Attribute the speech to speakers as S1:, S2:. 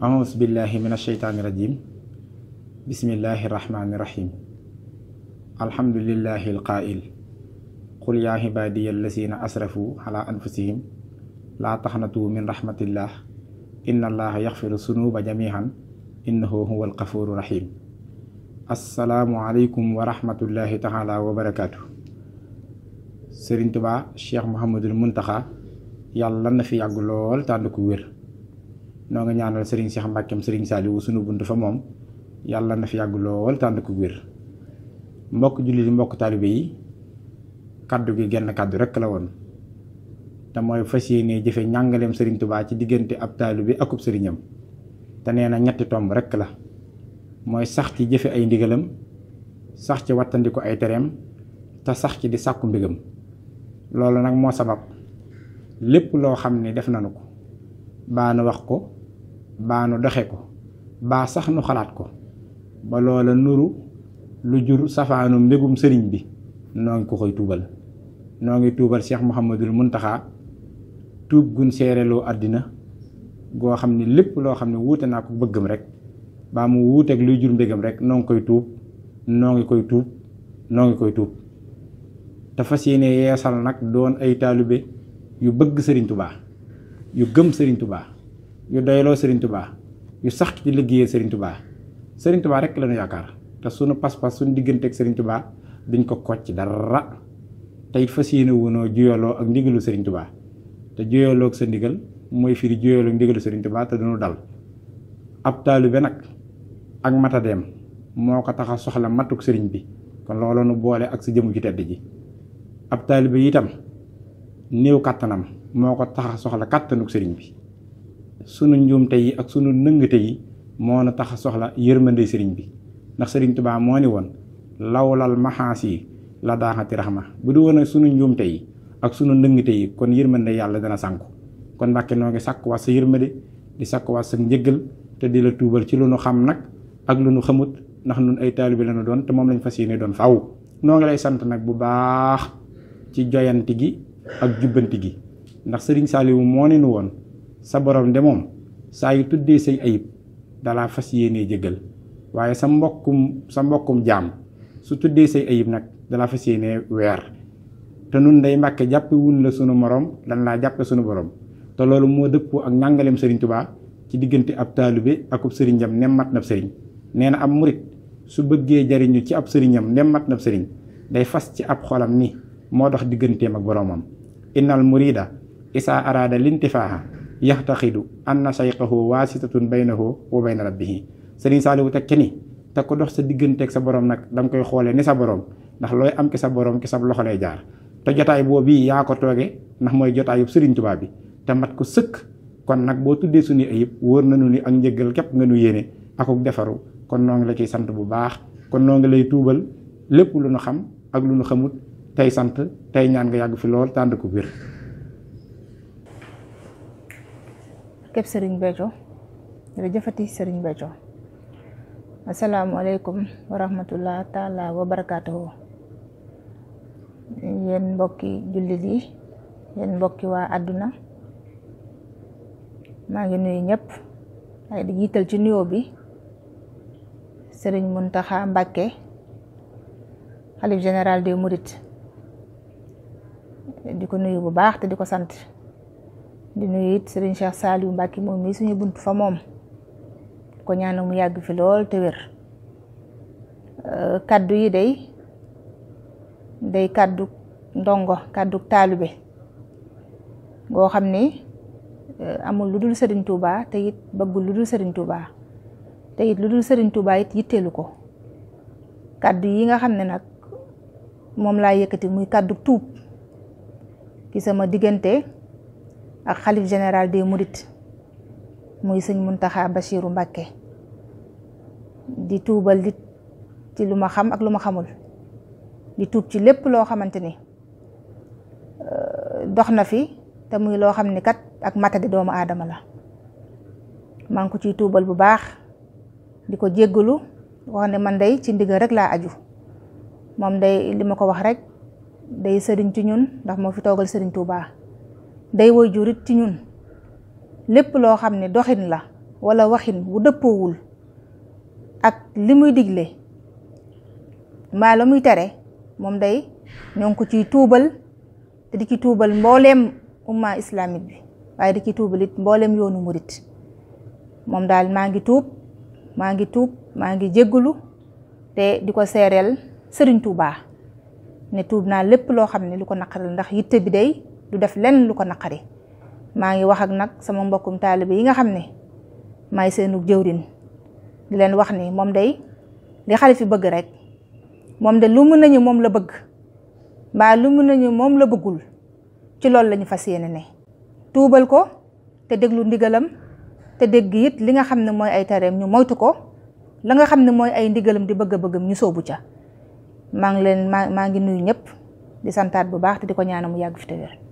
S1: aus billahi min asheytaani rajim bismillahi irrahmani irrahim alhamdulillahi alqaa'il qul yaa ibaadiya allazina asrafu ala anfusihim laa taxnatu min rahmatillah inna allaha yaxfiru sunuba jamihan innahu huwa alqafuru rahim asalaamu aleykum wa rahmatullahi taala wa barakaatu sëriñ tubaa cheikh mohamadul muntaxa yàlla na fi yàgg lool tànd ku wér noo nga ñaanal sëriñ Cheikh Mbàkkeem sëriñ Saliou sunu bunt fa moom yàlla na fi yàgg lool tànd ko wér mbokk jullit yi mbokk taalibe yi gi genn kàddu rekk la woon te mooy fas yéene jëfe njàngaleem sëriñ Touba ci diggante ab taalibe akub sëriñam te nee na ñetti tomb rek la mooy sax ci jëfe ay ndigalam sax ci wattandiku ay tereem te sax ci di sàkku mbigam loolu nag moo sabab lépp loo xam ne def nanu ko baana wax ko baa nu doxe ko baa sax nu xalaat ko ba loola nuru lu jur safaanu mbégum sëriñ bi noo ngi ko koy tuubal noo ngi tuubal Cheikh Mouhamadul Muntaxa tuub gun seereloo àddina goo xam ne lépp loo xam ne wuute naa ko bëggam rek baa mu wuuteeg luy jur mbégam rek noo ngi koy tuub noo ngi koy tuub noo ngi koy tuub dafa fas yéene yeesal nag doon ay taalibe yu bëgg sëriñ tubaa yu gëm sëriñ tubaa yu doyloo Serigne Touba yu sax ci di liggéeyee Serigne Touba Serigne rek la yaakaar te sunu pas-pas sunu diggante ak Serigne Touba duñ ko kocc dara te it fas yéene wunoo juyaloo ak ndigalu Serigne Touba te juyaloo ak sa ndigal mooy firi juyaloo ak ndigalu Serigne Touba te duñu dal ab taalibe nag ak matadeem moo ko tax a soxla matuk sëriñ bi kon looloo nu boole ak sa jëmu ci tedd ji ab taalibe itam néew kàttanam moo ko tax soxla kàttanuk Serigne bi. sunu njuumte yi ak sunu nëngate yi moo na tax a soxla yërmande sëriñ bi ndax sëriñ Tuubaa moo ni woon lawlal maxaas yi la rax ma bu du woon ak sunu njuumte yi ak sunu nëngate yi kon yërmande yàlla dana sànku kon Mbàkke noo ngi sàkkuwaat sa yërmande di sàkkuwaat sa njëgal te di la tuubal ci lu nu xam nag ak lu nu xamut ndax nun ay taalibe la nu doon te moom lañ fas yéene doon faw noo ngi lay sant nag bu baax ci joyanti gi ak jubbanti gi ndax sëriñ Saaliwu moo woon sa borom de moom saa yu tuddee say ayib dalaa fas yéenee jéggal waaye sa mbokkum sa mbokkum jaam su tuddee say ayib nag dalaa fas yéenee weer te nun day mbàkke jàppe la sunu moroom dan laa jàppe sunu borom te loolu moo dëppoo ak njàngaleem sëriñ tubaa ci diggante ab taalibe akub sëriñam nem mat nab sëriñ nee na am murit su bëggee jariñu ci ab sëriñam nem mat nab sëriñ day fas ci ab xolam ni moo dox digganteem ak boroomam innal murida isaa araada am na yaxtaxidu anna sayqahu waasitatun baynahu wa bayna rabbihi sëriñ Saaliwu teg ci ni te ko dox sa digganteeg sa borom nag da koy xoolee ni sa borom ndax looy am ki sa boroom ki sa loxo lay jaar te jotaay boo bii yaa ko toogee ndax mooy jotaayu sëriñ Tuubaa bi te mat ko sëkk kon nag boo tuddee suñu ayib wóor nañu ni ak njëggal képp nga nu yéene akuk defaru kon noo la ciy sant bu baax kon noo ngi lay tuubal lépp lu nu xam ak lu nu xamut tey sant tey ñaan nga yàgg fi lool tànd ko biir
S2: képp sëriñ Béthio jëfati sëriñ Béthio asalaamualeykum wa rahmatullah taala wa barakaatuhu yéen mbokki jullit yi yéen mbokki waa àdduna maa ngi nuyu ñëpp ay di ci nuyoo bi sëriñ Muntaxa Mbàkke xalif général des Mourides di ko nuyu bu baax te di ko sant di nuyu it sëriñ Cheikh Saliou Mbacke moom mii suñu buntu fa moom ko ñaanal yàgg fi lool te wér euh, kaddu yi day day kàddu ndongo kaddu taalibe goo xam ni euh, amul lu dul sëriñ Touba te it bëggul lu dul sëriñ Touba te lu dul sëriñ Touba it yitteelu ko kaddu yi nga xam ne nag moom laa yëkkati muy kàddu tuub ki sama diggante. ak xalif général des Mourides muy sëñ Muntaxa Bachiru Mbàkke di tuubal di ci lu ma xam ak lu ma xamul di tuub ci lépp loo xamante ni euh, dox na fi te muy loo xam ni kat ak matadi doomu aadama la maa ngi ko ciy tuubal bu baax di ko jéggalu wax ne man day ci ndigal rek laa aju moom day li ma ko wax rek day sëriñ ci ñun ndax moo fi toogal sëriñ Tuubaa day woy jurit ci ñun lépp loo xam ne doxin la wala waxin wu dëppoowul ak li muy digle maa la muy tere moom day ñoo ngi ko ciy tuubal te di ci tuubal mbooleem umma islamique bi waaye di ci tuubal mbooleem yoonu murit moom daal maa ngi tuub maa ngi tuub maa ngi jéggulu te di ko seereel sëriñ Tuubaa ne tuub naa lépp loo xam ne lu ko naqaral ndax yitte bi day lu def lenn lu ko naqari maa ngi wax ak nag sama mbokkum taalibe yi nga xam ne maay seenu jëwrin di leen wax ni moom day li xale fi bëgg rek moom de lu mën nañu moom la bëgg mbaa lu mën nañu moom la bëggul ci loolu lañu fas yéene ne tuubal ko te déglu ndigalam te dégg it li nga xam ne mooy ay tareem ñu moytu ko la nga xam ne mooy ay ndigalam di bëgg bëggam ñu soobu ca maa ngi leen maa maa ngi nuyu ñëpp di santaat bu baax te di ko ñaanal mu yàgg fi te